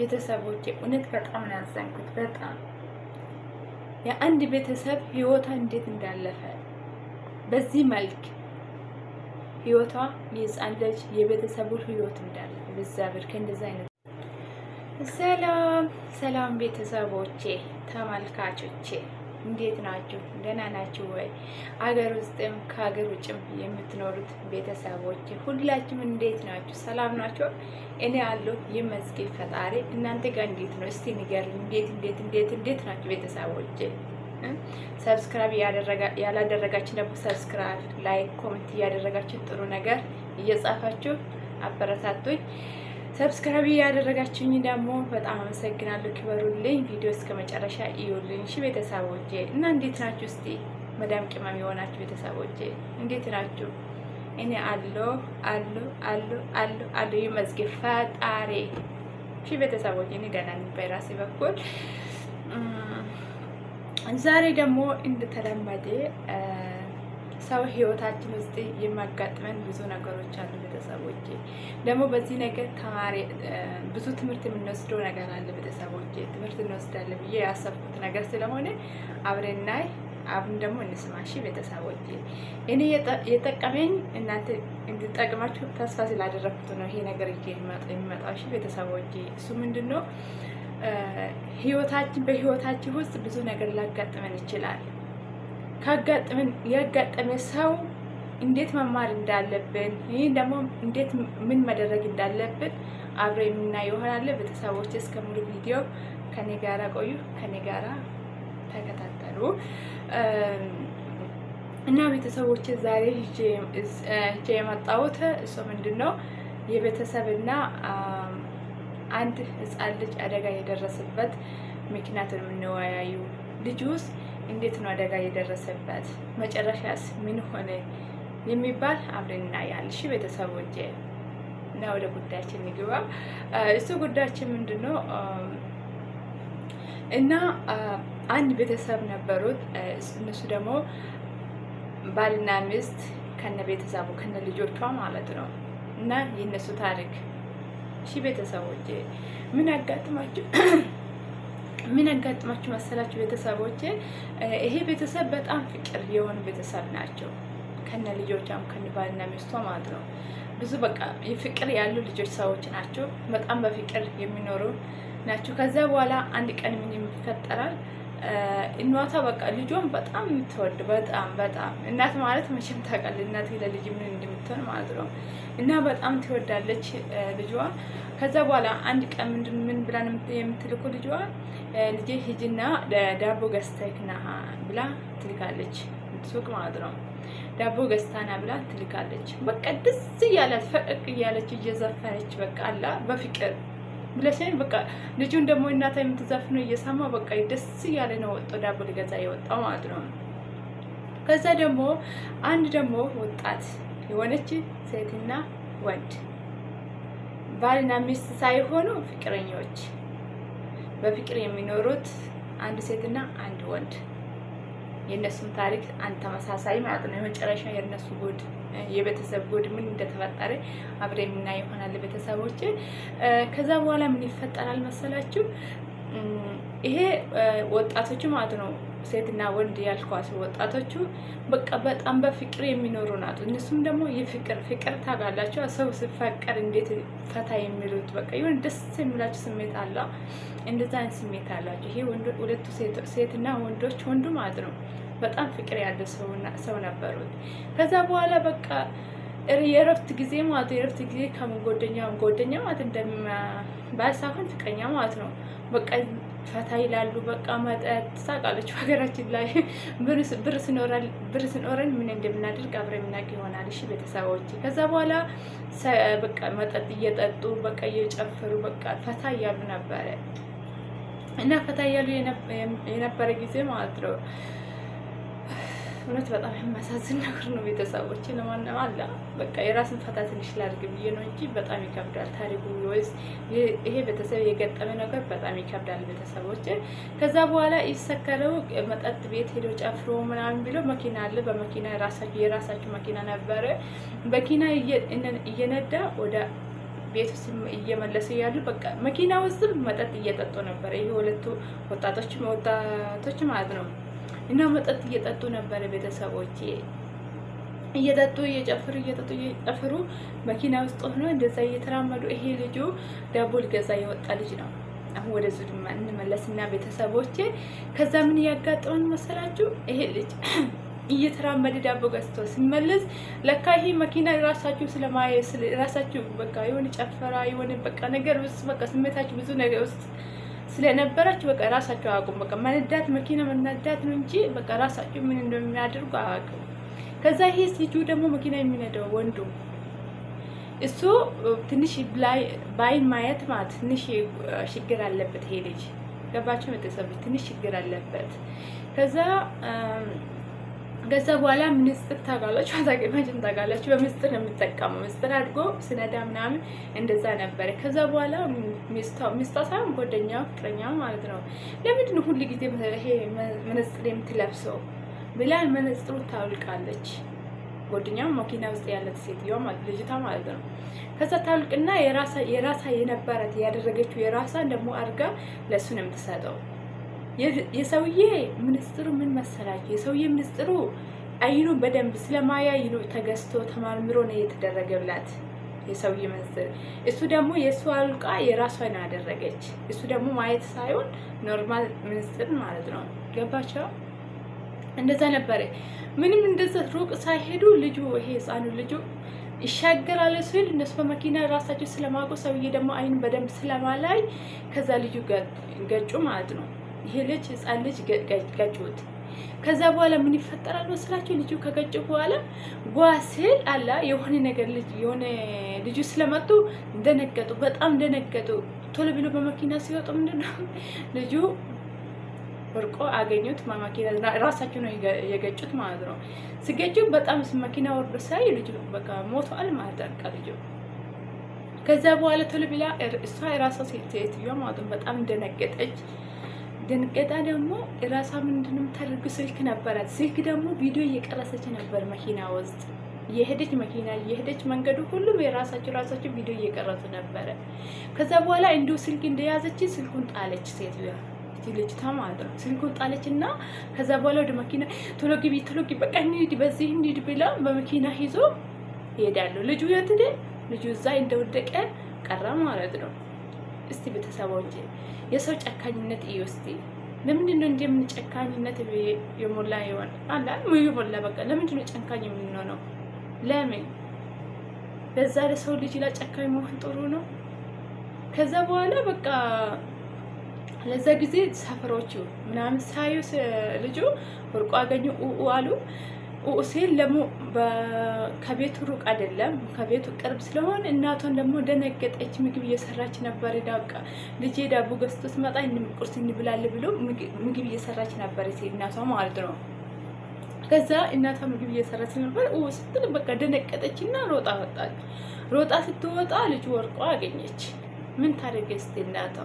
ቤተሰቦቼ እውነት በጣም ነው ያዘንኩት። በጣም የአንድ ቤተሰብ ህይወቷ እንዴት እንዳለፈ በዚህ መልክ ህይወቷ የህፃን ልጅ የቤተሰቡ ህይወት እንዳለፈ በእግዚአብሔር ከእንደዚህ አይነት ሰላም ሰላም ቤተሰቦቼ ተመልካቾቼ እንዴት ናችሁ? ደህና ናችሁ ወይ? አገር ውስጥም ከሀገር ውጭም የምትኖሩት ቤተሰቦች ሁላችሁም እንዴት ናችሁ? ሰላም ናችሁ? እኔ አለሁ ይመስገን ፈጣሪ። እናንተ ጋር እንዴት ነው? እስቲ ንገሩኝ። እንዴት እንዴት እንዴት እንዴት ናችሁ ቤተሰቦች? ሰብስክራይብ ያላደረጋችሁ ደግሞ ሰብስክራይብ፣ ላይክ፣ ኮሜንት እያደረጋችሁ ጥሩ ነገር እየጻፋችሁ አበረታቶኝ። ሰብስክራይብ ያደረጋችሁኝ ደግሞ በጣም አመሰግናለሁ። ክበሩልኝ። ቪዲዮ እስከ መጨረሻ እዩልኝ። እሺ ቤተሰቦቼ እና እንዴት ናችሁ? እስቲ መዳም ቅመም የሆናችሁ ቤተሰቦቼ እንዴት ናችሁ? እኔ አሎ አሎ አሎ አሎ አሎ ይመስገን ፈጣሪ። እሺ ቤተሰቦቼ እኔ ደህና ነኝ በራሴ በኩል። ዛሬ ደግሞ እንደተለመደ ሰው ህይወታችን ውስጥ የሚያጋጥመን ብዙ ነገሮች አሉ። ቤተሰቦች ደግሞ በዚህ ነገር ተማሪ ብዙ ትምህርት የምንወስደው ነገር አለ። ቤተሰቦች ትምህርት እንወስዳለን ብዬ ያሰብኩት ነገር ስለሆነ አብረናይ አብን ደግሞ እንስማሽ ቤተሰቦቼ። እኔ የጠቀመኝ እናንተ እንድጠቅማችሁ ተስፋ ስላደረኩት ነው ይሄ ነገር የሚመጣው። ቤተሰቦች እሱ ምንድን ነው ህይወታችን በህይወታችን ውስጥ ብዙ ነገር ላጋጥመን ይችላል። ያጋጠመ ሰው እንዴት መማር እንዳለብን ይህ ደግሞ እንዴት ምን መደረግ እንዳለብን አብሮ የምናየው ይሆናል። ቤተሰቦች እስከ ሙሉ ቪዲዮ ከኔ ጋራ ቆዩ፣ ከኔ ጋራ ተከታተሉ እና ቤተሰቦች ዛሬ ሂጄ የመጣሁት እሱ ምንድን ነው የቤተሰብና አንድ ህፃን ልጅ አደጋ የደረሰበት ምክንያቱን የምንወያዩ ልጅ ውስጥ እንዴት ነው አደጋ የደረሰበት መጨረሻስ ምን ሆነ የሚባል አብረን እናያለን። እሺ ቤተሰቦቼ እና ወደ ጉዳያችን ንግባ። እሱ ጉዳያችን ምንድን ነው እና አንድ ቤተሰብ ነበሩት። እነሱ ደግሞ ባልና ሚስት ከነ ቤተሰቡ ከነ ልጆቿ ማለት ነው። እና የእነሱ ታሪክ እሺ ቤተሰቦቼ ምን አጋጥማችሁ ምን ያጋጥማችሁ መሰላችሁ ቤተሰቦቼ? ይሄ ቤተሰብ በጣም ፍቅር የሆኑ ቤተሰብ ናቸው። ከነ ልጆቿም ከነ ባልና ሚስቷ ማለት ነው። ብዙ በቃ ፍቅር ያሉ ልጆች ሰዎች ናቸው። በጣም በፍቅር የሚኖሩ ናቸው። ከዛ በኋላ አንድ ቀን ምን ይፈጠራል? እናቷ በቃ ልጇን በጣም የምትወድ በጣም በጣም እናት ማለት መቼም ታውቃለች እናት ለልጅ ምን እንደምትሆን ማለት ነው። እና በጣም ትወዳለች ልጇ። ከዛ በኋላ አንድ ቀን ምንድን ምን ብላን የምትልኩ ልጇ ልጄ ሂጂና ዳቦ ገዝተሽ ብላ ትልካለች፣ ሱቅ ማለት ነው። ዳቦ ገዝታና ብላ ትልካለች። በቃ ደስ እያላት ፈቀቅ እያለች እየዘፈነች በቃ አላ በፍቅር ብለሽኝ በቃ ልጁን ደግሞ እናታ የምትዘፍነው እየሰማ በቃ ደስ እያለ ነው ወጥቶ ዳቦ ሊገዛ የወጣው ማለት ነው። ከዛ ደግሞ አንድ ደግሞ ወጣት የሆነች ሴትና ወንድ ባልና ሚስት ሳይሆኑ ፍቅረኞች በፍቅር የሚኖሩት አንድ ሴትና አንድ ወንድ የእነሱም ታሪክ አንድ ተመሳሳይ ማለት ነው። የመጨረሻ የእነሱ ጉድ የቤተሰብ ጉድ ምን እንደተፈጠረ አብሬ የምና ይሆናል ቤተሰቦች። ከዛ በኋላ ምን ይፈጠራል መሰላችሁ? ይሄ ወጣቶቹ ማለት ነው ሴትና ወንድ ያልኳቸው ወጣቶቹ በቃ በጣም በፍቅር የሚኖሩ ናት። እነሱም ደግሞ የፍቅር ፍቅር ታውቃላችሁ፣ ሰው ሲፈቀር እንዴት ፈታ የሚሉት በቃ ይሁን ደስ የሚላችሁ ስሜት አለ። እንደዛ አይነት ስሜት አላችሁ። ይሄ ሁለቱ ሴትና ወንዶች ወንዱ ማለት ነው በጣም ፍቅር ያለ ሰው ነበሩት። ከዛ በኋላ በቃ የእረፍት ጊዜ ማለት የእረፍት ጊዜ ከመጎደኛ ጎደኛ ማለት እንደማያሳፍን ፍቅረኛ ማለት ነው። በቃ ፈታ ይላሉ። በቃ መጠጥ ታውቃለች። ሀገራችን ላይ ብር ስኖረን ምን እንደምናደርግ አብረ የምናውቅ ይሆናል። እሺ ቤተሰቦች፣ ከዛ በኋላ በቃ መጠጥ እየጠጡ በቃ እየጨፈሩ በቃ ፈታ እያሉ ነበረ እና ፈታ እያሉ የነበረ ጊዜ ማለት ነው። እውነት በጣም የሚያሳዝን ነገር ነው። ቤተሰቦች ለማንም አለ በቃ የራስን ፈታ ትንሽ ላድርግ ብዬ ነው እንጂ በጣም ይከብዳል ታሪኩ። ወይስ ይሄ ቤተሰብ የገጠመ ነገር በጣም ይከብዳል ቤተሰቦች። ከዛ በኋላ ይሰከረው መጠጥ ቤት ሄዶ ጨፍሮ ምናምን ቢለው መኪና አለ በመኪና የራሳችሁ መኪና ነበረ መኪና እየነዳ ወደ ቤት ውስጥ እየመለሱ ያሉ በቃ መኪና ውስጥም መጠጥ እየጠጡ ነበረ። ይሄ ሁለቱ ወጣቶች ወጣቶች ማለት ነው እና መጠጥ እየጠጡ ነበረ ቤተሰቦች እየጠጡ እየጨፍሩ እየጠጡ እየጨፍሩ መኪና ውስጥ ሆኖ እንደዛ እየተራመዱ ይሄ ልጁ ዳቦ ሊገዛ የወጣ ልጅ ነው። አሁን ወደ ዙ እንመለስና ቤተሰቦች ከዛ ምን እያጋጠመን መሰላችሁ? ይሄ ልጅ እየተራመደ ዳቦ ገዝቶ ሲመለስ ለካ ይሄ መኪና ራሳችሁ ስለማየ ራሳችሁ በቃ የሆነ ጨፈራ የሆነ በቃ ነገር ውስጥ በቃ ስሜታችሁ ብዙ ነገር ውስጥ ስለነበራችሁ በቃ ራሳቸው አያውቁም። በቃ መነዳት መኪና መነዳት ነው እንጂ በቃ ራሳቸው ምን እንደሚያደርጉ አያውቅም። ከዛ ይሄ ልጁ ደግሞ መኪና የሚነዳው ወንዱ እሱ ትንሽ በአይን ማየት ማለት ትንሽ ችግር አለበት። ይሄ ልጅ ገባችሁ? ቤተሰቦች ትንሽ ችግር አለበት። ከዛ ከዛ በኋላ ምስጥር ታውቃላችሁ፣ አታውቂም ታውቃላችሁ። በምስጥር ነው የምጠቀመው። ምስጥር አድርጎ ስነዳ ምናምን እንደዛ ነበረ። ከዛ በኋላ ሚስቷ ሳይሆን ጓደኛ ፍቅረኛ ማለት ነው። ለምንድን ነው ሁሉ ጊዜ ይሄ መነጽር የምትለብሰው ብላ መነጽሩ ታውልቃለች። ጓደኛው መኪና ውስጥ ያለት ሴትዮዋ ልጅቷ ማለት ነው። ከዛ ታውልቅና የራሳ የነበረት ያደረገችው የራሳ ደግሞ አድርጋ ለእሱ ነው የምትሰጠው የሰውዬ ምንስጥሩ ምን መሰላችሁ? የሰውዬ ምንስጥሩ አይኑን በደንብ ስለማያይ ነው ተገዝቶ ተማርምሮ ነው የተደረገላት የሰውዬ ምስል እሱ ደግሞ የእሱ አልቃ የራሷን አደረገች። እሱ ደግሞ ማየት ሳይሆን ኖርማል ምስል ማለት ነው። ገባቸው። እንደዛ ነበረ። ምንም እንደዛ ሩቅ ሳይሄዱ ልጁ ይሄ ህፃኑ ልጁ ይሻገራል ሲል እነሱ በመኪና ራሳቸው ስለማውቁ ሰውዬ ደግሞ አይኑ በደንብ ስለማላይ ከዛ ልጁ ገጩ ማለት ነው። ይሄ ልጅ ህፃን ልጅ ገጭሁት። ከዛ በኋላ ምን ይፈጠራል መስላችሁ? ልጁ ከገጭ በኋላ ጓስል ስል አላ የሆነ ነገር ልጅ የሆነ ልጁ ስለመጡ ደነገጡ፣ በጣም ደነገጡ። ቶሎ ብሎ በመኪና ሲወጡ ምንድነው ልጁ ወርቆ አገኙት። መኪና ራሳቸው ነው የገጩት ማለት ነው። ሲገጩ በጣም መኪና ወርዶ ሳይ ልጁ በቃ ሞቷል ማለት በቃ ልጁ ከዛ በኋላ ቶሎ ብላ እሷ የራሷ ሴትዮዋ ማለት በጣም ደነገጠች። ደንገጣ ደግሞ ራሷ ምንድንም ታደርግ ስልክ ነበራት። ስልክ ደግሞ ቪዲዮ እየቀረሰች ነበር መኪና ውስጥ የሄደች መኪና የሄደች መንገዱ ሁሉም የራሳቸው ራሳቸው ቪዲዮ እየቀረጹ ነበረ። ከዛ በኋላ እንዲሁ ስልክ እንደያዘች ስልኩን ጣለች ሴት ልጅቷ ልጅ ተማለ ስልኩን ጣለች እና ከዛ በኋላ ወደ መኪና ቶሎ ግቢ፣ ቶሎ ግቢ፣ በቃ እንሂድ፣ በዚህ እንሂድ ብላ በመኪና ይዞ ይሄዳሉ። ልጁ የት ልጁ እዛ እንደወደቀ ቀረ ማለት ነው። እስቲ ቤተሰቦች የሰው ጨካኝነት እዩ። እስቲ ለምንድን ነው እንዲህ ጨካኝነት የሞላ ይሆን አላ የሞላ በቃ ለምንድን ነው ጨካኝ የምንሆነው? ለምን በዛ ለሰው ልጅ ላይ ጨካኝ መሆን ጥሩ ነው? ከዛ በኋላ በቃ ለዛ ጊዜ ሰፈሮቹ ምናምን ሳዩ ልጁ ወርቆ አገኙ አሉ። ኡሴን ደግሞ ከቤቱ ሩቅ አይደለም፣ ከቤቱ ቅርብ ስለሆን እናቷን ደግሞ ደነገጠች። ምግብ እየሰራች ነበር። ዳቃ ልጄ ዳቦ ገዝቶ ስመጣ ቁርስ እንብላል ብሎ ምግብ እየሰራች ነበር ሴ እናቷ ማለት ነው። ከዛ እናቷ ምግብ እየሰራች ነበር ስትል በቃ ደነቀጠች እና ሮጣ ወጣች። ሮጣ ስትወጣ ልጅ ወርቆ አገኘች። ምን ታደርገች ስትል እናቷ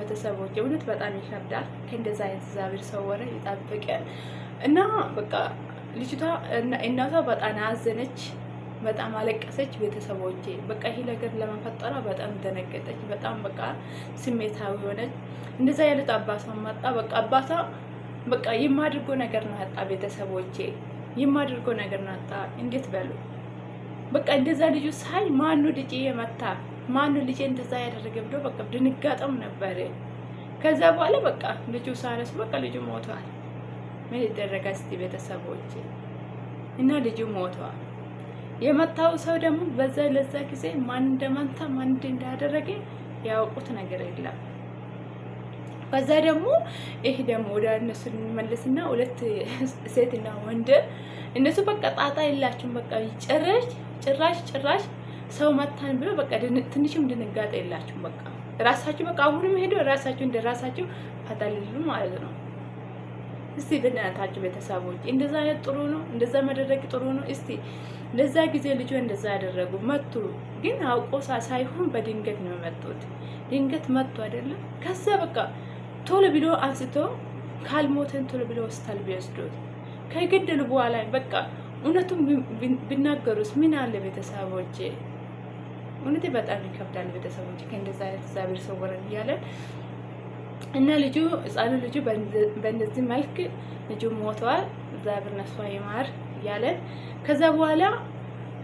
ቤተሰቦች፣ እውነት በጣም ይከብዳል። ከእንደዛ አይነት እግዚአብሔር ሰው ወረ ይጠብቀን። እና በቃ ልጅቷ እናቷ በጣም አዘነች፣ በጣም አለቀሰች። ቤተሰቦቼ በቃ ይሄ ነገር ለመፈጠሯ በጣም ደነገጠች። በጣም በቃ ስሜታዊ ሆነች። እንደዛ ያለት አባቷ መጣ። በቃ አባቷ በቃ የማድርጎ ነገር ናጣ። ቤተሰቦቼ የማድርጎ ነገር ናጣ። እንዴት በሉ በቃ እንደዛ ልጁ ሳይ ማኑ ልጅ የመታ ማኑ ልጅ እንደዛ ያደረገ ብሎ በቃ ድንጋጤም ነበር። ከዛ በኋላ በቃ ልጁ ሳነሱ በቃ ልጁ ሞቷል። ምን ይደረጋል? እስቲ ቤተሰቦች እና ልጁ ሞተዋል። የመታው ሰው ደግሞ በዛ ለዛ ጊዜ ማን እንደመታ ማን እንዳደረገ ያውቁት ነገር የለም። በዛ ደግሞ ይሄ ደግሞ ወደ እነሱ እንመለስና ሁለት ሴትና ወንድ እነሱ በቃ ጣጣ የላችሁም። በቃ ጭራሽ ጭራሽ ጭራሽ ሰው መታን ብሎ በቃ ትንሽም ድንጋጤ የላችሁም። በቃ ራሳችሁ በቃ አሁንም ሄዶ ራሳችሁ እንደ ራሳችሁ ፈታልሉ ማለት ነው። እስቲ በእናታችሁ ቤተሰቦች እንደዛ አይነት ጥሩ ነው፣ እንደዛ መደረግ ጥሩ ነው። እስቲ ለዛ ጊዜ ልጆ እንደዛ ያደረጉ መጡ፣ ግን አውቆ ሳይሆን በድንገት ነው መጡት። ድንገት መጡ አይደለም። ከዛ በቃ ቶሎ ብሎ አንስቶ ካልሞተን ቶሎ ብሎ ሆስፒታል ቢወስዱት ከገደሉ በኋላ በቃ እውነቱን ቢናገሩስ ምን አለ ቤተሰቦች? እውነቴ በጣም ይከብዳል ቤተሰቦች። ከእንደዛ አይነት እግዚአብሔር ሰወረን እያለን እና ልጁ ህፃኑ ልጁ በእንደዚህ መልክ ልጁ ሞተዋል። እግዚአብሔር ነፍሱን ይማር እያለን ከዛ በኋላ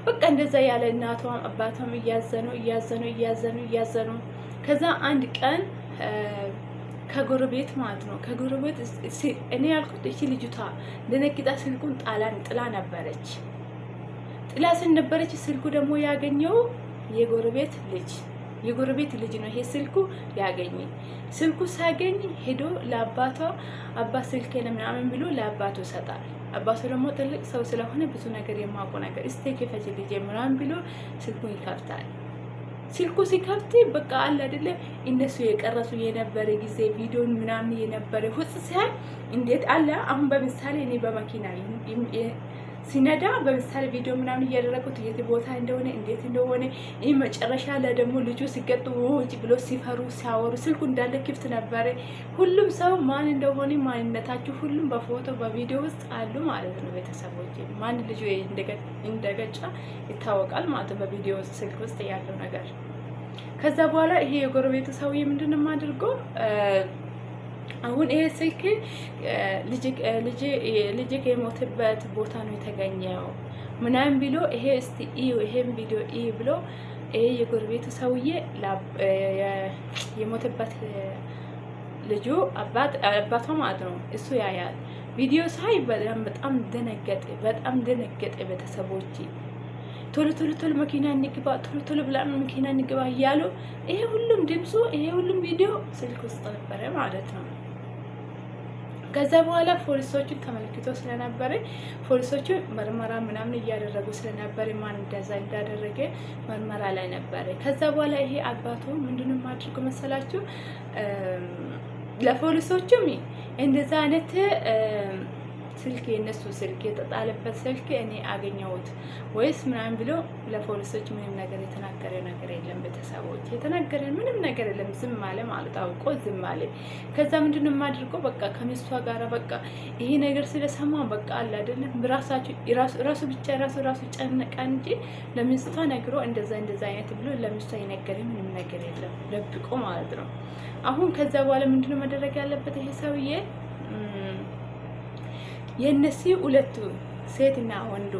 በቃ እንደዛ ያለ እናቷም አባቷም እያዘኑ እያዘኑ እያዘኑ እያዘኑ ከዛ አንድ ቀን ከጎረቤት ማለት ነው ከጎረቤት እኔ ያልኩት እቺ ልጅቷ ደነግጣ ስልኩን ጣላን ጥላ ነበረች ጥላ ስን ነበረች ስልኩ ደግሞ ያገኘው የጎረቤት ልጅ የጎረቤት ልጅ ነው ይሄ ስልኩ ያገኘ ስልኩ ሳገኝ ሄዶ ለአባቷ አባት ስልክ ለምናምን ብሎ ለአባቱ ይሰጣል። አባቱ ደግሞ ትልቅ ሰው ስለሆነ ብዙ ነገር የማውቁ ነገር እስቴ ክፈች ልጅ ምናምን ብሎ ስልኩን ይከፍታል። ስልኩ ሲከፍት በቃ አለ አይደለ እነሱ የቀረሱ የነበረ ጊዜ ቪዲዮን ምናምን የነበረ ሁጽ ሲያል እንዴት አለ አሁን በምሳሌ እኔ በመኪና ሲነዳ በምሳሌ ቪዲዮ ምናምን እያደረጉት የት ቦታ እንደሆነ እንዴት እንደሆነ ይህ መጨረሻ ላይ ደግሞ ልጁ ሲገጡ ውጭ ብሎ ሲፈሩ ሲያወሩ ስልኩ እንዳለ ክፍት ነበረ። ሁሉም ሰው ማን እንደሆነ ማንነታችሁ ሁሉም በፎቶ በቪዲዮ ውስጥ አሉ ማለት ነው። ቤተሰቦች ማን ልጁ እንደገጫ ይታወቃል ማለት ነው፣ በቪዲዮ ስልክ ውስጥ ያለው ነገር። ከዛ በኋላ ይሄ የጎረቤቱ ሰውዬ ምንድን ነው የማድርገው አሁን ይሄ ስልክ ልጅ የሞተበት ቦታ ነው የተገኘው ምናምን ቢሎ ይሄ እስቲ እዩ ይሄን ቪዲዮ እዩ ብሎ ይሄ የጎረቤቱ ሰውዬ የሞተበት ልጁ አባቷ ማለት ነው እሱ ያያል ቪዲዮ ሳይ በጣም ደነገጠ። በጣም ደነገጠ። ቤተሰቦች ቶሎ ቶሎ ቶሎ መኪና እንግባ፣ ቶሎ ቶሎ ብላ መኪና እንግባ እያሉ ይሄ ሁሉም ድምፁ ይሄ ሁሉም ቪዲዮ ስልክ ውስጥ ነበረ ማለት ነው። ከዛ በኋላ ፖሊሶችን ተመልክቶ ስለነበረ ፖሊሶቹ ምርመራ ምናምን እያደረጉ ስለነበረ ማን እንደዛ እንዳደረገ ምርመራ ላይ ነበረ። ከዛ በኋላ ይሄ አባቱ ምንድነው አድርጎ መሰላችሁ ለፖሊሶቹም እንደዛ አይነት ስልክ የእነሱ ስልክ የተጣለበት ስልክ እኔ አገኘሁት ወይስ ምናምን ብሎ ለፖሊሶች ምንም ነገር የተናገረ ነገር የለም። ቤተሰቦች የተናገረ ምንም ነገር የለም። ዝም አለ ማለት አውቆ ዝም አለ። ከዛ ምንድን የማድርገው በቃ ከሚስቷ ጋር በቃ ይሄ ነገር ስለሰማ በቃ አለ አይደለም ራሱ ብቻ ራሱ ራሱ ጨነቃ እንጂ ለሚስቷ ነግሮ እንደዛ እንደዛ አይነት ብሎ ለሚስቷ የነገረ ምንም ነገር የለም። ለብቆ ማለት ነው። አሁን ከዛ በኋላ ምንድነው መደረግ ያለበት ይሄ ሰውዬ የእነዚህ ሁለቱ ሴትና ወንዱ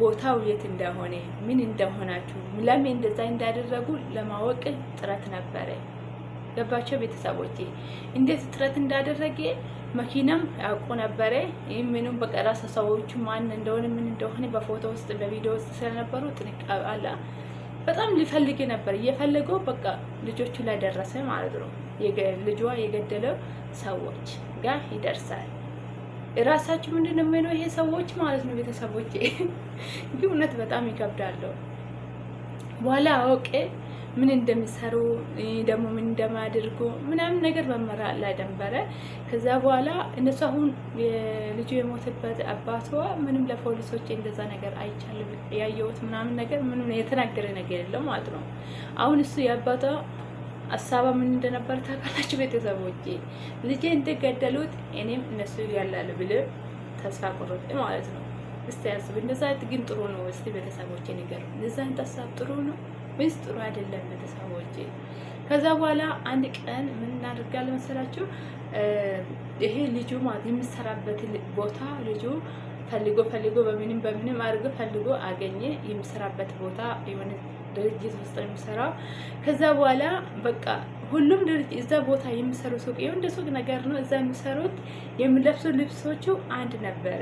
ቦታው የት እንደሆነ ምን እንደሆናችሁ ለምን እንደዛ እንዳደረጉ ለማወቅ ጥረት ነበረ። ገባቸው ቤተሰቦቼ እንዴት ጥረት እንዳደረገ መኪናም ያውቁ ነበረ። ይህ ምንም በቀራሰ ሰዎቹ ማን እንደሆነ ምን እንደሆነ በፎቶ ውስጥ በቪዲዮ ውስጥ ስለነበሩ ጥንቃላ በጣም ሊፈልግ ነበር እየፈለገው በቃ ልጆቹ ላይ ደረሰ ማለት ነው። ልጇ የገደለው ሰዎች ጋር ይደርሳል። እራሳችሁ ምንድን ነው የሚሆነው? ይሄ ሰዎች ማለት ነው ቤተሰቦች፣ ግን እውነት በጣም ይከብዳለሁ። በኋላ አውቄ ምን እንደሚሰሩ ደግሞ ምን እንደማያደርጉ ምናምን ነገር መመራ ላይ ነበረ። ከዛ በኋላ እነሱ አሁን ልጁ የሞተበት አባቷ ምንም ለፖሊሶች እንደዛ ነገር አይቻልም ያየሁት ምናምን ነገር ምንም የተናገረ ነገር የለም ማለት ነው። አሁን እሱ የአባቷ ሀሳባ ምን እንደነበር ታውቃላችሁ ቤተሰቦቼ? ልጄ እንደገደሉት እኔም እነሱ ያላሉ ብለ ተስፋ ቆረጥ ማለት ነው። እስቲ ያስብ። እንደዛ ግን ጥሩ ነው። እስቲ ቤተሰቦቼ ንገሩ፣ እንደዛን ተሳብ ጥሩ ነው ወይስ ጥሩ አይደለም? ቤተሰቦቼ ከዛ በኋላ አንድ ቀን ምን እናደርጋለን መሰላችሁ? ይሄ ልጁ ማለት የሚሰራበት ቦታ ልጁ ፈልጎ ፈልጎ በምንም በምንም አድርጎ ፈልጎ አገኘ። የሚሰራበት ቦታ የሆነ ድርጅት ውስጥ ነው የሚሰራው። ከዛ በኋላ በቃ ሁሉም ድርጅት እዛ ቦታ የሚሰሩ ሱቅ እንደ ሱቅ ነገር ነው። እዛ የሚሰሩት የሚለብሱ ልብሶቹ አንድ ነበረ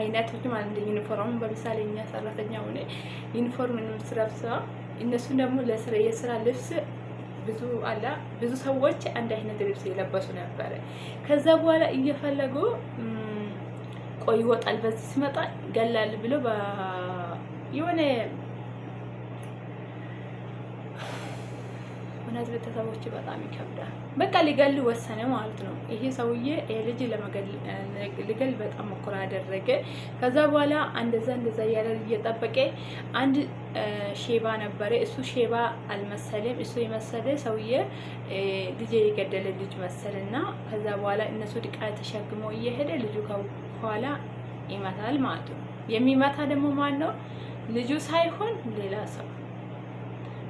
አይነቶች ማለት እንደ ዩኒፎርም በምሳሌ እኛ ሰራተኛ ሆነ ዩኒፎርም ስለብሳ እነሱ ደግሞ የስራ ልብስ ብዙ አላ ብዙ ሰዎች አንድ አይነት ልብስ የለበሱ ነበረ። ከዛ በኋላ እየፈለጉ ቆይ ይወጣል በዚህ ሲመጣ ገላል ብሎ የሆነ እውነት ቤተሰቦች በጣም ይከብዳል። በቃ ሊገል ወሰነ ማለት ነው። ይሄ ሰውዬ ልጅ ሊገል በጣም ሞከራ አደረገ። ከዛ በኋላ እንደዛ እንደዛ እያለ እየጠበቀ አንድ ሼባ ነበረ። እሱ ሼባ አልመሰለም። እሱ የመሰለ ሰውዬ ልጅ የገደለ ልጅ መሰልና ከዛ በኋላ እነሱ ድቃ ተሸክሞ እየሄደ ልጁ ከኋላ ይመታል ማለት ነው። የሚመታ ደግሞ ማን ነው? ልጁ ሳይሆን ሌላ ሰው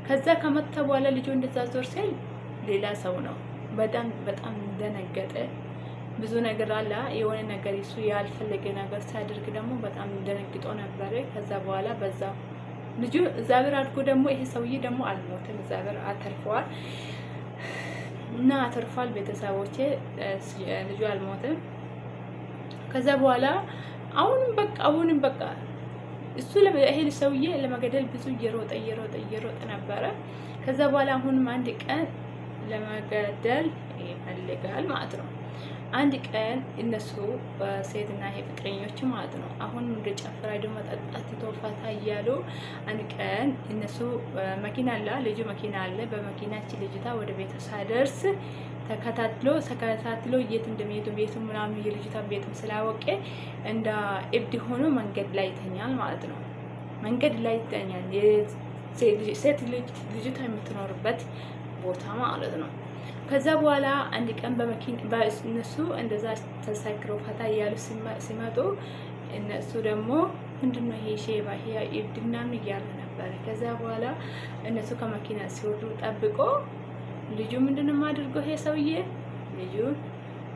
ከዛ ከመጣ በኋላ ልጁ እንደዛ ዞር ሲል ሌላ ሰው ነው። በጣም በጣም ደነገጠ። ብዙ ነገር አለ የሆነ ነገር እሱ ያልፈለገ ነገር ሲያደርግ ደግሞ በጣም ደነግጦ ነበረ። ከዛ በኋላ በዛ ልጁ እግዚአብሔር አድጎ ደግሞ ይሄ ሰውዬ ደግሞ አልሞትም፣ እግዚአብሔር አተርፈዋል እና አተርፏል። ቤተሰቦቼ ልጁ አልሞትም። ከዛ በኋላ አሁንም በቃ አሁንም በቃ እሱ ይሄ ሰውዬ ለመገደል ብዙ እየሮጠ እየሮጠ እየሮጠ ነበረ። ከዛ በኋላ አሁንም አንድ ቀን ለመገደል ይፈልጋል ማለት ነው። አንድ ቀን እነሱ በሴትና ይሄ ፍቅረኞች ማለት ነው። አሁን ወደ ጨፍራ ሄዶ መጠጣት ተወፋታ እያሉ አንድ ቀን እነሱ መኪና አለ፣ ልጁ መኪና አለ። በመኪናችን ልጅታ ወደ ቤተ ሳደርስ ተከታትሎ ተከታትሎ የት እንደሚሄዱ ቤቱ ምናምን የልጅታ ቤቱም ስላወቀ እንደ እብድ ሆኖ መንገድ ላይ ይተኛል ማለት ነው። መንገድ ላይ ይተኛል። ሴት ልጅ ልጅቷ የምትኖርበት ቦታ ማለት ነው። ከዛ በኋላ አንድ ቀን እነሱ እንደዛ ተሳክሮ ፈታ እያሉ ሲመጡ እነሱ ደግሞ ምንድነው ይሄ ሼባ ድናም እያሉ ነበረ። ከዛ በኋላ እነሱ ከመኪና ሲወርዱ ጠብቆ ልጁ ምንድነው አድርጎ ይሄ ሰውዬ ልጁን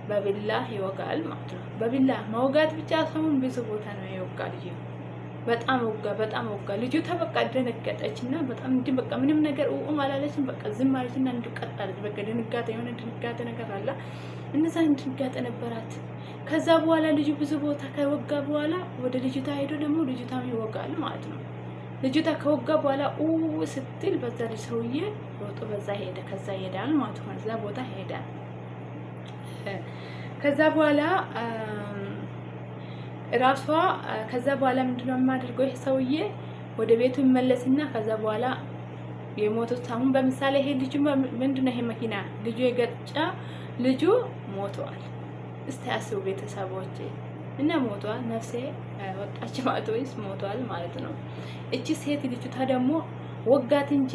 በቢላ ይወጋል ማለት ነው። በቢላ መውጋት ብቻ ሰውን ብዙ ቦታ ነው ይወጋል። በጣም ወጋ በጣም ወጋ። ልጅቷ በቃ ደነገጠች እና በጣም እንዲህ በቃ ምንም ነገር ኡኡም አላለችም። በቃ ዝም አለች እና እንዲሁ ቀጥ አለች። በቃ ድንጋጤ የሆነ ድንጋጤ ነገር አለ እነዛ ድንጋጤ ነበራት። ከዛ በኋላ ልጁ ብዙ ቦታ ከወጋ በኋላ ወደ ልጅቷ ሄዶ ደግሞ ልጅቷ ይወጋል ማለት ነው። ልጅቷ ከወጋ በኋላ ኡ ስትል በዛ ልጅ ሰውዬ ሮጦ በዛ ሄደ። ከዛ ይሄዳል ማለት ነው። ከዛ ቦታ ይሄዳል። ከዛ በኋላ እራሷ ከዛ በኋላ ምንድነው የማደርገው ይህ ሰውዬ ወደ ቤቱ ይመለስና ከዛ በኋላ የሞቱት አሁን በምሳሌ ይሄ ልጁ ምንድነው ይሄ መኪና ልጁ የገጫ ልጁ ሞቷል። እስቲ አስቡ ቤተሰቦቼ እና ሞቷል። ነፍሴ ወጣች ማለት ወይስ ሞቷል ማለት ነው። እቺ ሴት ልጅቷ ደግሞ ወጋት እንጂ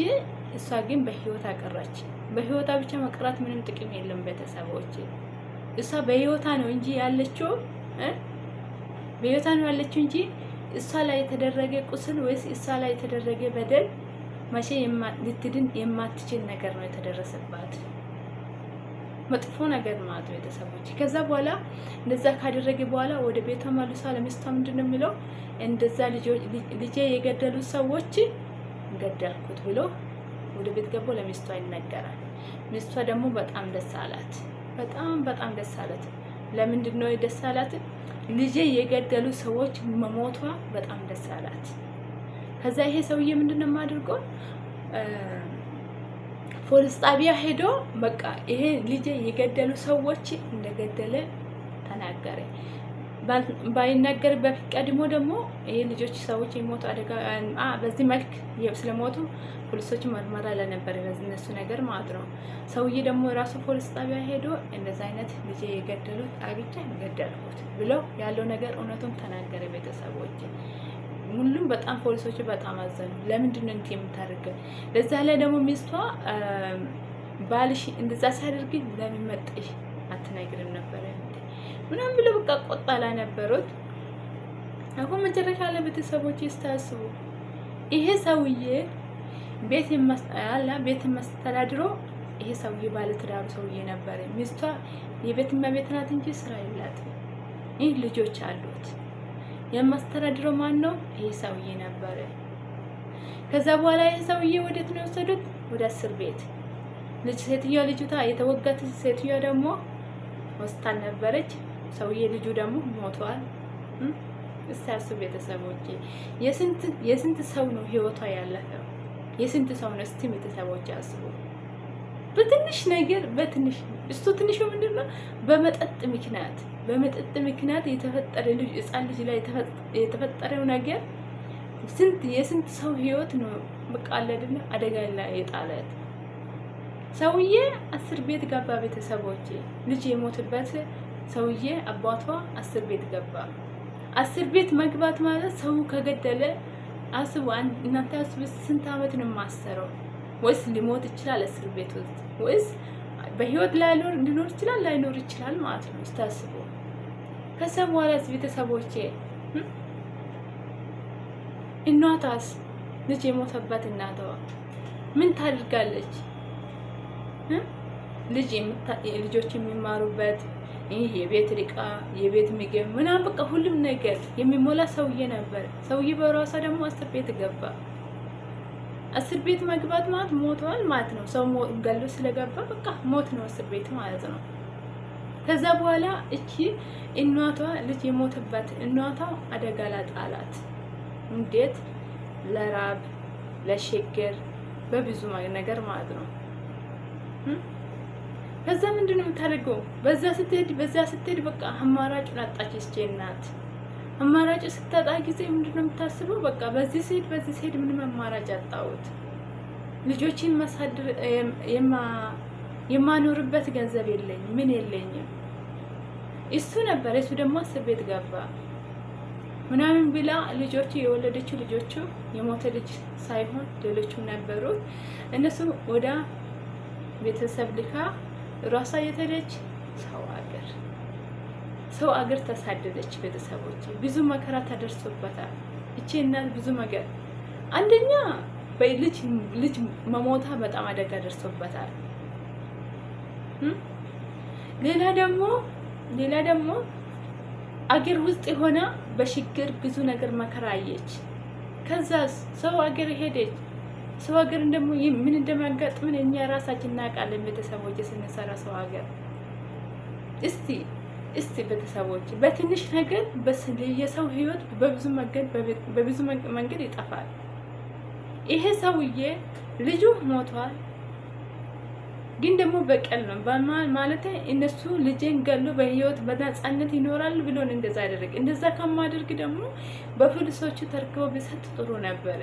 እሷ ግን በህይወት አቀራች። በህይወቷ ብቻ መቅራት ምንም ጥቅም የለም ቤተሰቦቼ። እሷ በህይወቷ ነው እንጂ ያለችው በህይወቷ ነው ያለችው እንጂ እሷ ላይ የተደረገ ቁስል ወይስ እሷ ላይ የተደረገ በደል መቼ ልትድን የማትችል ነገር ነው የተደረሰባት። መጥፎ ነገር ማለት ነው ቤተሰቦች። ከዛ በኋላ እንደዛ ካደረገ በኋላ ወደ ቤቷ መልሷ ለሚስቷ ምንድን ነው የሚለው እንደዛ ልጄ የገደሉ ሰዎች ገደልኩት ብሎ ወደ ቤት ገቦ ለሚስቷ ይነገራል። ሚስቷ ደግሞ በጣም ደስ አላት። በጣም በጣም ደስ አላት። ለምንድን ነው ደስ አላት? ልጄ የገደሉ ሰዎች መሞቷ በጣም ደስ አላት። ከዛ ይሄ ሰውዬ ምንድን ነው የማድርገው ፖሊስ ጣቢያ ሄዶ በቃ ይሄ ልጄ የገደሉ ሰዎች እንደገደለ ተናገረ። ባይነገር በፊት ቀድሞ ደግሞ ይህ ልጆች ሰዎች የሞቱ አደጋ በዚህ መልክ ስለሞቱ ፖሊሶች መርመራ ለነበር እነሱ ነገር ማለት ነው። ሰውዬ ደግሞ የራሱ ፖሊስ ጣቢያ ሄዶ እንደዚ አይነት ልጄ የገደሉት አግቻ የገደልኩት ብሎ ያለው ነገር እውነቱን ተናገረ። ቤተሰቦች ሁሉም በጣም ፖሊሶች በጣም አዘኑ። ለምንድን ነው እንዲህ የምታደርገው? ለዛ ላይ ደግሞ ሚስቷ ባልሽ እንደዛ ሲያደርግ ለምን መጣሽ አትነግርም ነበረ ምናምን ብሎ በቃ ቆጣ ላይ ነበሩት። አሁን መጨረሻ ላይ ቤተሰቦች ይስታስቡ ይሄ ሰውዬ ቤት ይመስላል ቤት መስተዳድሮ ይሄ ሰውዬ ባለትዳሩ ሰውዬ ነበረ። ሚስቷ የቤት እመቤት ናት እንጂ ስራ የላትም። ይህ ልጆች አሉት። የማስተዳድሮ ማን ነው? ይሄ ሰውዬ ነበረ። ከዛ በኋላ ይሄ ሰውዬ ወዴት ነው የወሰዱት? ወደ እስር ቤት። ልጅ ሴትዮዋ ልጅቷ የተወጋት ሴትዮዋ ደግሞ ወስታል ነበረች። ሰውዬ ልጁ ደግሞ ሞቷል። እስቲ አስብ ቤተሰቦቼ የስንት ሰው ነው ህይወቷ ያለፈው? የስንት ሰው ነው? እስቲ ቤተሰቦቼ አስቡ። በትንሽ ነገር በትንሽ እሱ ትንሹ ምንድን ነው? በመጠጥ ምክንያት በመጠጥ ምክንያት የተፈጠረ ልጅ ህፃን ልጅ ላይ የተፈጠረው ነገር ስንት የስንት ሰው ህይወት ነው መቃለድና አደጋ ላይ የጣለት ሰውዬ አስር ቤት ገባ። ቤተሰቦቼ ልጅ የሞትበት ሰውዬ አባቷ አስር ቤት ገባ። አስር ቤት መግባት ማለት ሰው ከገደለ አስቡ። እናንተ አስቡ፣ ስንት ዓመት ነው የማሰረው? ወይስ ሊሞት ይችላል እስር ቤት ውስጥ ወይስ በህይወት ላይኖር ሊኖር ይችላል ላይኖር ይችላል ማለት ነው። ስታስቡ ከዛ በኋላስ ቤተሰቦቼ እናቷስ ልጅ የሞተበት እናቷ ምን ታድርጋለች? ልጅ ልጆች የሚማሩበት ይህ የቤት እቃ፣ የቤት ምግብ ምናምን በቃ ሁሉም ነገር የሚሞላ ሰውዬ ነበር። ሰውዬ በራሷ ደግሞ እስር ቤት ገባ። እስር ቤት መግባት ማለት ሞቷል ማለት ነው። ሰው ገሎ ስለገባ በቃ ሞት ነው እስር ቤት ማለት ነው። ከዛ በኋላ እቺ እናቷ ልጅ የሞተበት እናቷ አደጋ ላጣላት እንዴት ለራብ ለሽግር በብዙ ነገር ማለት ነው። ከዛ ምንድን ነው የምታደርገው? በዛ ስትሄድ በዛ ስትሄድ በቃ አማራጭ አጣች። እስቼ ናት። አማራጭ ስታጣ ጊዜ ምንድን ነው የምታስበው? በቃ በዚህ ስሄድ በዚህ ስሄድ ምንም አማራጭ አጣሁት። ልጆችን መሳድር የማኖርበት ገንዘብ የለኝም፣ ምን የለኝም። እሱ ነበር እሱ ደግሞ እስር ቤት ገባ ምናምን ብላ ልጆቹ የወለደችው ልጆቹ የሞተ ልጅ ሳይሆን ሌሎቹም ነበሩት እነሱ ወደ ቤተሰብ ልካ ራሷ የተለች ሰው አገር ሰው አገር ተሳደደች። ቤተሰቦች ብዙ መከራ ተደርሶበታል። እቺ እናት ብዙ መገር አንደኛ በልጅ ልጅ መሞታ በጣም አደጋ ደርሶበታል። ሌላ ደግሞ ሌላ ደግሞ አገር ውስጥ የሆነ በሽግር ብዙ ነገር መከራ አየች። ከዛ ሰው አገር ሄደች። ሰው ሀገር ደግሞ ምን እንደሚያጋጥምን እኛ ራሳችን እናውቃለን። ቤተሰቦች ስንሰራ ሰው ሀገር እስቲ እስቲ ቤተሰቦች በትንሽ ነገር የሰው ህይወት በብዙ መንገድ በብዙ መንገድ ይጠፋል። ይሄ ሰውዬ ልጁ ሞቷል፣ ግን ደግሞ በቀል ነው ማለት እነሱ ልጄን ገሎ በህይወት በነፃነት ይኖራል ብሎን እንደዛ ያደረግ እንደዛ ከማደርግ ደግሞ በፖሊሶቹ ተርክበው ቢሰጥ ጥሩ ነበረ።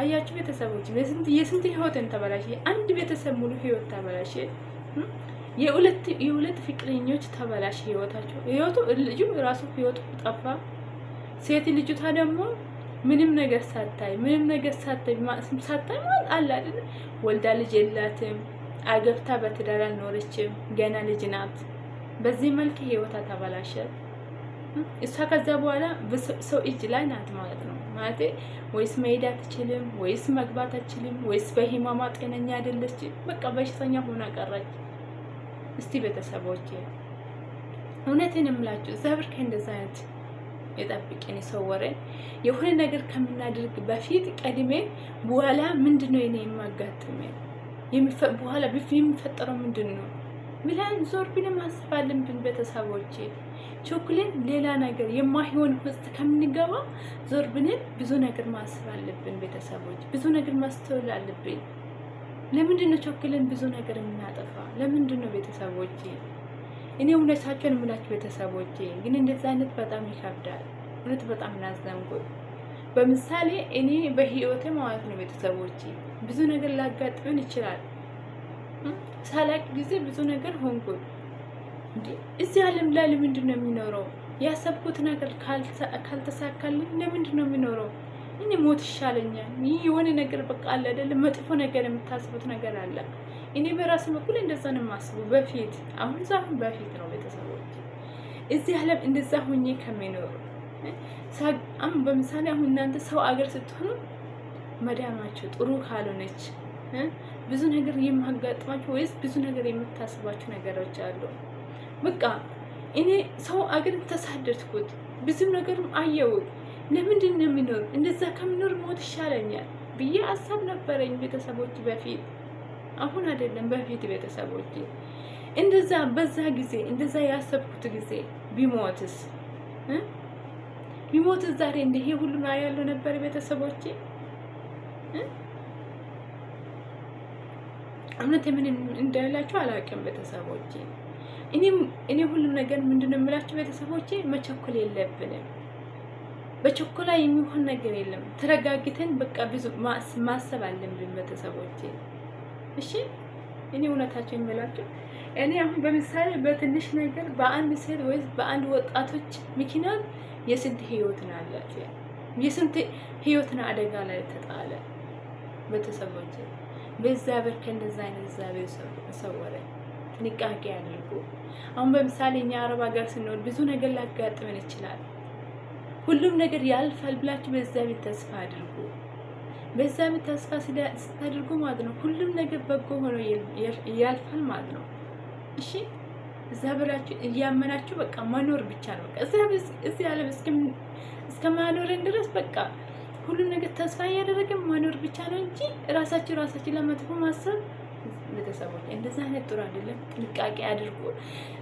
አያችሁ ቤተሰቦች፣ የስንት የስንት ህይወትን ተበላሽ። አንድ ቤተሰብ ሙሉ ህይወት ተበላሽ። የሁለት የሁለት ፍቅረኞች ተበላሽ ህይወታቸው። ህይወቱ ልጁ ራሱ ህይወቱ ጠፋ። ሴት ልጅቷ ደግሞ ምንም ነገር ሳታይ ምንም ነገር ሳታይ ሳታይ ማለት አለ አይደል? ወልዳ ልጅ የላትም። አገብታ በትዳር አልኖረችም። ገና ልጅ ናት። በዚህ መልክ ህይወታ ተበላሸ። እሷ ከዛ በኋላ ሰው እጅ ላይ ናት ማለት ነው። ማለት ወይስ መሄድ አትችልም፣ ወይስ መግባት አትችልም፣ ወይስ በህማማ ጤነኛ አይደለች፣ በቃ በሽተኛ ሆና ቀረች። እስቲ ቤተሰቦች እውነትን እምላችሁ እግዚአብሔር ከእንደዛ አይነት የጠብቅን ሰው ወሬ የሆነ ነገር ከምናደርግ በፊት ቀድሜ በኋላ ምንድን ነው የኔ የማጋጥመ በኋላ የሚፈጠረው ምንድን ነው ብለን ዞር ብለን ማሰብ አለብን ቤተሰቦቼ። ቾክሌት ሌላ ነገር የማይሆን ውስጥ ከምንገባ ዞር ብንል ብዙ ነገር ማሰብ አለብን። ቤተሰቦች ብዙ ነገር ማስተዋል አለብን። ለምንድን ነው ቾክሌን ብዙ ነገር የምናጠፋ? ለምንድን ነው ቤተሰቦች? እኔ እውነታቸውን የምላችሁ ቤተሰቦች፣ ግን እንደዚህ አይነት በጣም ይከብዳል። እውነት በጣም እናዘንጉት። በምሳሌ እኔ በህይወቴ ማለት ነው ቤተሰቦች፣ ብዙ ነገር ላጋጥመን ይችላል። ሳላቅ ጊዜ ብዙ ነገር ሆንኩኝ። እዚህ ዓለም ላይ ለምንድን ነው የሚኖረው? ያሰብኩት ነገር ካልተሳካልኝ ለምንድን ነው የሚኖረው? እኔ ሞት ይሻለኛል። ይህ የሆነ ነገር በቃ አለ አይደለም፣ መጥፎ ነገር የምታስቡት ነገር አለ። እኔ በራስ በኩል እንደዛ ነው የማስቡ በፊት አሁን ዛሁን በፊት ነው ቤተሰቦች እዚህ ዓለም እንደዛ ሁኜ ከሚኖሩ አሁን በምሳሌ አሁን እናንተ ሰው አገር ስትሆኑ መዳማቸው ጥሩ ካልሆነች ብዙ ነገር የማጋጥማቸው ወይስ ብዙ ነገር የምታስባቸው ነገሮች አሉ። በቃ እኔ ሰው አገር ተሳደድኩት ብዙም ነገርም አየሁት። ለምንድን ነው የምኖር? እንደዛ ከምኖር ሞት ይሻለኛል ብዬ ሀሳብ ነበረኝ ቤተሰቦች በፊት አሁን አይደለም በፊት ቤተሰቦች እንደዛ በዛ ጊዜ እንደዛ ያሰብኩት ጊዜ ቢሞትስ ቢሞትስ ዛሬ እንደ ይሄ ሁሉ ያለው ነበር ቤተሰቦች እውነት ምን እንዳላችሁ አላውቅም ቤተሰቦች እኔ ሁሉም ነገር ምንድን ነው የምላችሁ ቤተሰቦቼ መቸኮል የለብንም። በቸኮላ የሚሆን ነገር የለም። ተረጋግተን በቃ ብዙ ማሰብ አለብን ቤተሰቦቼ። እሺ እኔ እውነታቸው የሚላቸው እኔ አሁን በምሳሌ በትንሽ ነገር በአንድ ሴት ወይ በአንድ ወጣቶች ምክንያት የስንት ህይወት ነው አላት የስንት ህይወት ነው አደጋ ላይ ተጣለ ቤተሰቦቼ። በዛ ብር ከእንደዛ አይነት ዛቤ ሰወረኝ። ጥንቃቄ አድርጉ። አሁን በምሳሌ እኛ አረብ ሀገር ስንሆን ብዙ ነገር ላጋጥመን ይችላል። ሁሉም ነገር ያልፋል ብላችሁ ቤት ተስፋ አድርጉ። ቤት ተስፋ ስታደርጉ ማለት ነው ሁሉም ነገር በጎ ሆኖ ያልፋል ማለት ነው። እሺ እዛ ብላችሁ እያመናችሁ በቃ መኖር ብቻ ነው። እዚህ ዓለም እስከማኖረን ድረስ በቃ ሁሉም ነገር ተስፋ እያደረገ መኖር ብቻ ነው እንጂ ራሳችሁ ራሳችሁ ለመጥፎ ማሰብ ቤተሰቦች እንደዚህ አይነት ጥሩ አይደለም። ጥንቃቄ አድርጎ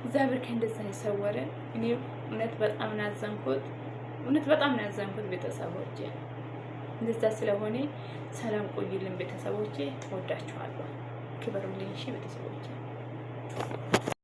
እግዚአብሔር ከእንደዛ ይሰወረን። እኔ እውነት በጣም ነው ያዘንኩት፣ እውነት በጣም ነው ያዘንኩት ቤተሰቦቼ። እንደዛ ስለሆነ ሰላም ቆይልን ቤተሰቦቼ፣ ወዳችኋለሁ። ክበሩልኝ እሺ ቤተሰቦቼ።